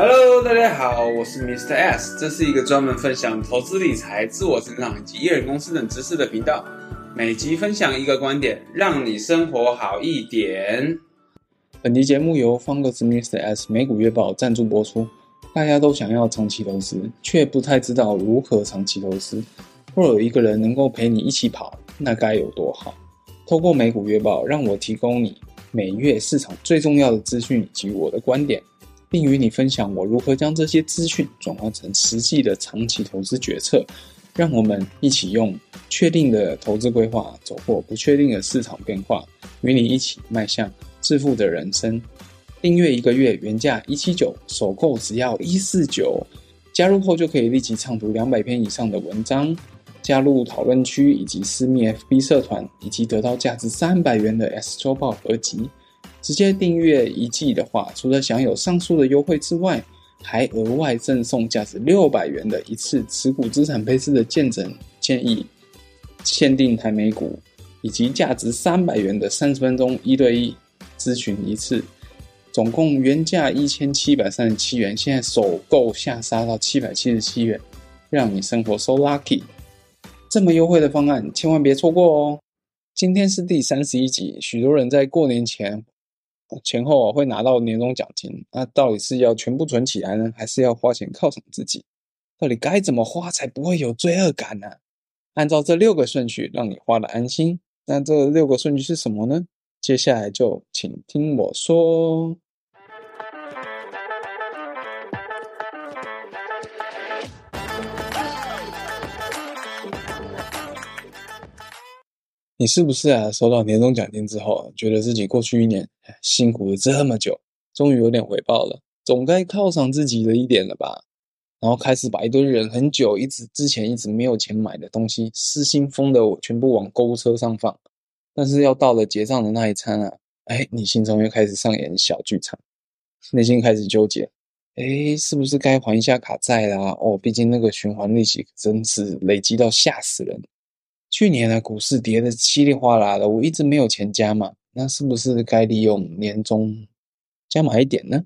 Hello，大家好，我是 Mr. S，這是一個專門分享投資理財、自我成長以及一人公司等知識的頻道。每集分享一個觀點，讓你生活好一點。本期節目由方格子 Mr. S 美股月報贊助播出。大家都想要長期投資，卻不太知道如何長期投資。若有一個人能夠陪你一起跑，那該有多好！透過美股月報，讓我提供你每月市場最重要的資訊以及我的觀點。並與你分享我如何將這些資訊轉換成實際的長期投資決策，讓我們一起用確定的投資規劃走過不確定的市場變化，與你一起邁向致富的人生。訂閱一個月原價一七九，首購只要一四九，加入後就可以立即暢讀兩百篇以上的文章，加入討論區以及私密 FB 社團，以及得到價值三百元的 S 週報合集。直接訂閱一季的話，除了享有上述的優惠之外，還額外贈送價值六百元的一次持股資產配置的健診建議，限定台美股，以及價值三百元的三十分鐘一對一諮詢一次，總共原價一千七百三十七元，現在首購下殺到七百七十七元，讓你生活 so lucky！這麼優惠的方案，千萬別錯過哦！今天是第三十一集，許多人在過年前前後啊，會拿到年終獎金，那到底是要全部存起來呢，還是要花錢犒賞自己？到底該怎麼花才不會有罪惡感呢、啊？按照這六個順序，讓你花的安心。那這六個順序是什麼呢？接下來就請聽我說。你是不是啊收到年終獎金之後，覺得自己過去一年，辛苦了這麼久，終於有點回報了，總該犒賞自己的一點了吧？然後開始把一堆忍很久、一直之前一直沒有錢買的東西，失心瘋的我全部往購物車上放。但是要到了結賬的那一餐啊，哎，你心中又開始上演小劇場，內心開始糾結：哎，是不是該還一下卡債啦？哦，畢竟那個循環利息真是累積到嚇死人。去年的股市跌得稀里嘩啦的，我一直沒有錢加碼。那是不是該利用年終加碼一點呢？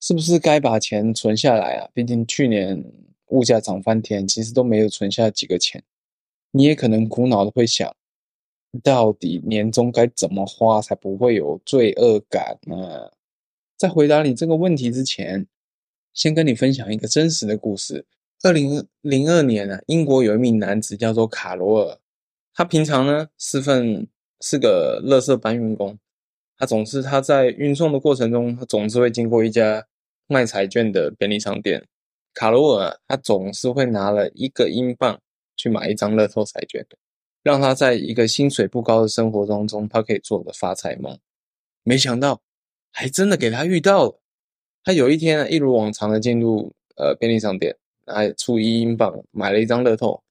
是不是該把錢存下來啊？畢竟去年物價漲翻天，其實都沒有存下幾個錢。你也可能苦惱的會想，到底年終該怎麼花才不會有罪惡感呢？在回答你這個問題之前，先跟你分享一個真實的故事。二零零二年啊，英國有一名男子叫做卡羅爾，他平常呢是份。是個垃圾搬運工，他總是他在運送的過程中，他總是會經過一家賣彩券的便利商店。卡羅爾他總是會拿了一個英鎊去買一張樂透彩券，讓他在一個薪水不高的生活當中，他可以做個發財夢。沒想到，還真的給他遇到了。他有一天一如往常的進入呃便利商店，拿出一英鎊買了一張樂透，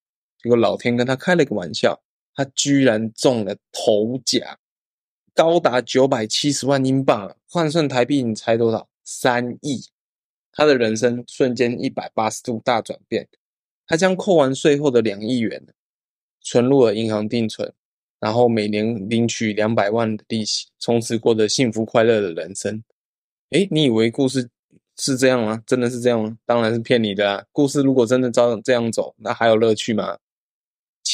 結果老天跟他開了個玩笑。他居然中了頭獎，高達九百七十萬英鎊，換算台幣你猜多少？三億！他的人生瞬間一百八十度大轉變，他將扣完稅後的兩億元存入了銀行定存，然後每年領取兩百萬的利息，從此過得幸福快樂的人生。哎，你以為故事是這樣嗎？真的是這樣嗎？當然是騙你的啊！故事如果真的照這樣走，那還有樂趣嗎？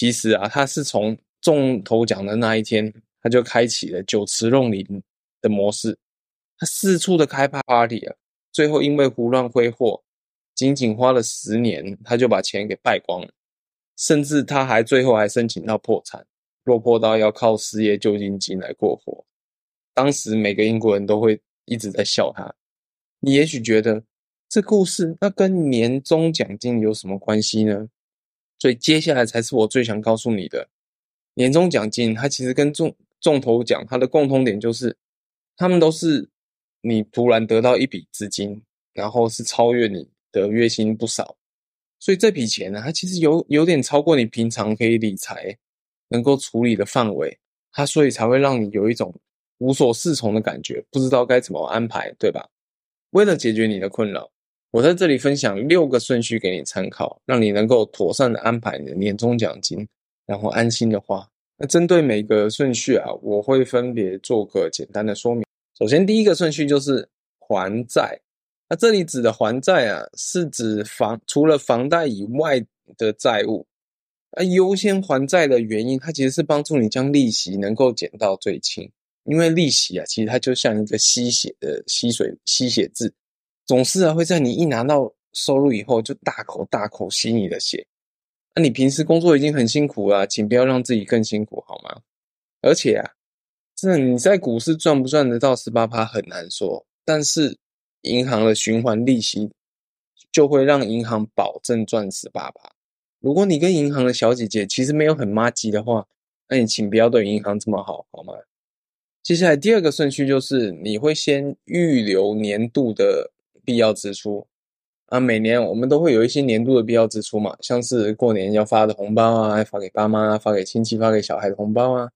其實啊，他是從中頭獎的那一天，他就開啟了酒池肉林的模式，他四處的開派 Party，最後因為胡亂揮霍，僅僅花了十年，他就把錢給敗光了，甚至他還最後還申請到破產，落魄到要靠失業救濟金，金來過活。當時每個英國人都會一直在笑他。你也許覺得這故事那跟年終獎金有什麼關係呢？所以接下來才是我最想告訴你的，年終獎金，它其實跟中中頭獎它的共通點就是，他們都是你突然得到一筆資金，然後是超越你的月薪不少，所以這筆錢呢，它其實有有點超過你平常可以理財能夠處理的範圍，它所以才會讓你有一種無所適從的感覺，不知道該怎麼安排，對吧？為了解決你的困擾。我在這裡分享六個順序給你參考，讓你能夠妥善的安排你的年終獎金，然後安心的花。那針對每個順序啊，我會分別做個簡單的說明。首先，第一個順序就是還債。那這裡指的還債啊，是指房除了房貸以外的債務。那優先還債的原因，它其實是幫助你將利息能夠減到最輕，因為利息啊，其實它就像一個吸血的吸水吸血字。總是啊，會在你一拿到收入以後就大口大口吸你的血。那、啊、你平時工作已經很辛苦了，請不要讓自己更辛苦好嗎？而且啊，這你在股市賺不賺得到十八趴很難說，但是銀行的循環利息就會讓銀行保證賺十八趴。如果你跟銀行的小姐姐其實沒有很麻吉的話，那你請不要對銀行這麼好，好嗎？接下來第二個順序就是你會先預留年度的。必要支出啊，每年我們都會有一些年度的必要支出嘛，像是過年要發的紅包啊，還發給爸媽啊，發給親戚、發給小孩的紅包啊，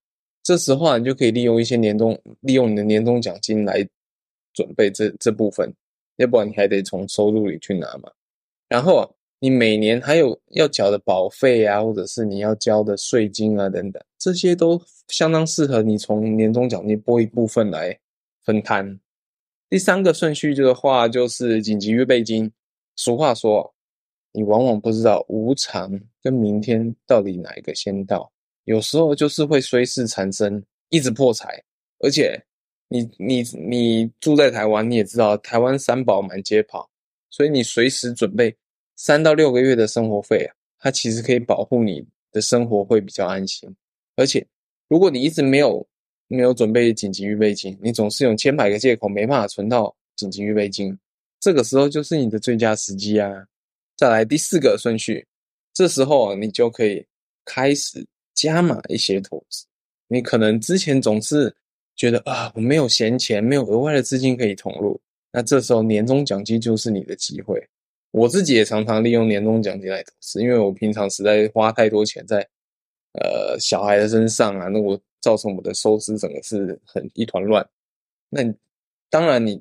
這時候你就可以利用一些年終，利用你的年終獎金來準備這這部分，要不然你還得從收入裡去拿嘛。然後你每年還有要繳的保費啊，或者是你要交的稅金啊等等，這些都相當適合你從年終獎金撥一部分來分攤。第三個順序這的話，就是緊急預備金。俗話說，你往往不知道無常跟明天到底哪一個先到。有時候就是會衰事纏身，一直破財。而且你，你你你住在台灣，你也知道台灣三寶滿街跑，所以你隨時準備三到六個月的生活費啊，它其實可以保護你的生活會比較安心。而且，如果你一直沒有。沒有準備緊急預備金，你總是用千百個借口，沒辦法存到緊急預備金。這個時候就是你的最佳時機啊！再來第四個順序，這時候你就可以開始加碼一些投資。你可能之前總是覺得啊，我沒有閒錢，沒有額外的資金可以投入。那這時候年終獎金就是你的機會。我自己也常常利用年終獎金來投資，因為我平常實在花太多錢在呃小孩的身上啊，那我。造成我的收支整個是很一團亂。那你當然，你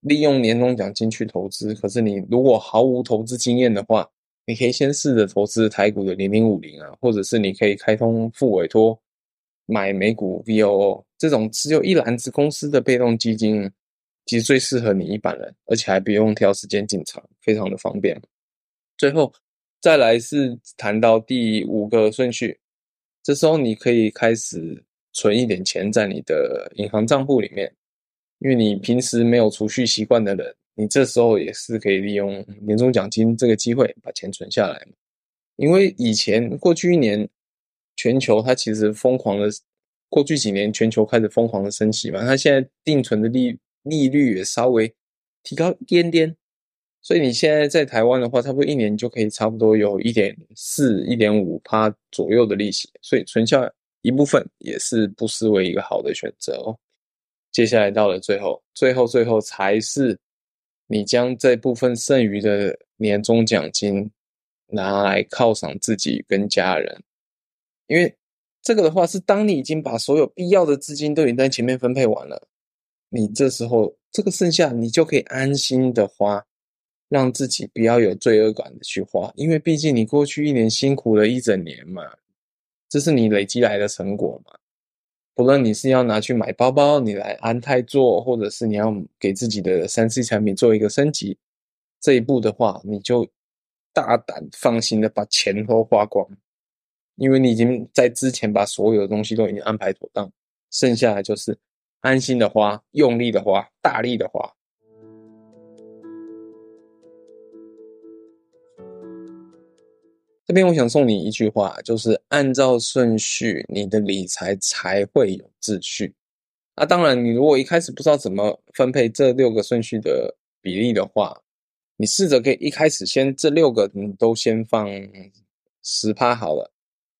利用年終獎金去投資，可是你如果毫無投資經驗的話，你可以先試着投資台股的零零五零啊，或者是你可以開通複委託買美股 VOO 這種只有一籃子公司的被動基金，其實最適合你一般人，而且還不用挑時間進場，非常的方便。最後再來是談到第五個順序，這時候你可以開始。存一點錢在你的銀行賬戶裡面，因為你平時沒有儲蓄習慣的人，你這時候也是可以利用年終獎金這個機會把錢存下來。因為以前過去一年，全球它其實瘋狂的，過去幾年全球開始瘋狂的升息嘛，它現在定存的利利率也稍微提高一點點，所以你現在在台灣的話，差不多一年就可以差不多有一點四、一點五趴左右的利息，所以存下。一部分也是不失為一個好的選擇哦。接下來到了最後，最後最後才是你將這部分剩餘的年終獎金拿來犒賞自己跟家人。因為這個的話是當你已經把所有必要的資金都已經在前面分配完了，你這時候這個剩下你就可以安心的花，讓自己不要有罪惡感的去花，因為畢竟你過去一年辛苦了一整年嘛。這是你累積來的成果嘛。不論你是要拿去買包包，你來安泰做，或者是你要給自己的 3C 產品做一個升級，這一步的話，你就大膽放心的把錢都花光，因為你已經在之前把所有的東西都已經安排妥當，剩下的就是安心的花、用力的花、大力的花。今天我想送你一句話，就是按照順序，你的理財才會有秩序。啊，當然，你如果一開始不知道怎麼分配這六個順序的比例的話，你試着可以一開始先這六個你都先放十趴好了，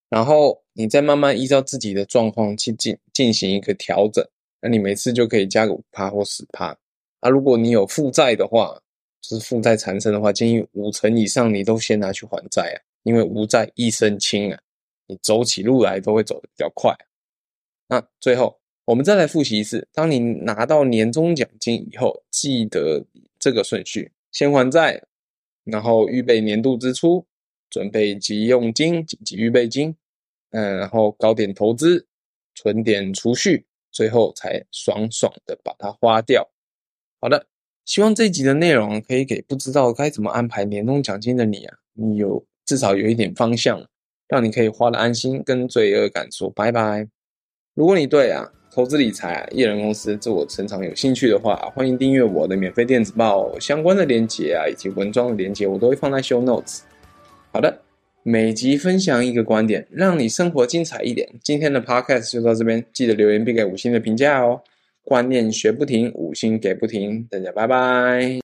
然後你再慢慢依照自己的狀況去進進行一個調整。那你每次就可以加個五趴或十趴。啊，如果你有負債的話，就是負債纏身的話，建議五成以上你都先拿去還債啊。因為無債一身輕啊，你走起路來都會走得比較快。那最後我們再來複習一次：當你拿到年終獎金以後，記得這個順序，先還債，然後預備年度支出，準備急用金、緊急預備金，嗯，然後搞點投資，存點儲蓄，最後才爽爽地把它花掉。好的，希望這集的內容可以給不知道該怎麼安排年終獎金的你啊，你有。至少有一點方向，讓你可以花的安心，跟罪惡感說拜拜。如果你對啊投資理財啊，一人公司自我成長有興趣的話，歡迎訂閱我的免費電子報，相關的鏈接啊，以及文章的連結，我都會放在 Show Notes。好的，每集分享一個觀點，讓你生活精彩一點。今天的 Podcast 就到這邊，記得留言並給五星的評價哦。觀念學不停，五星給不停，大家拜拜。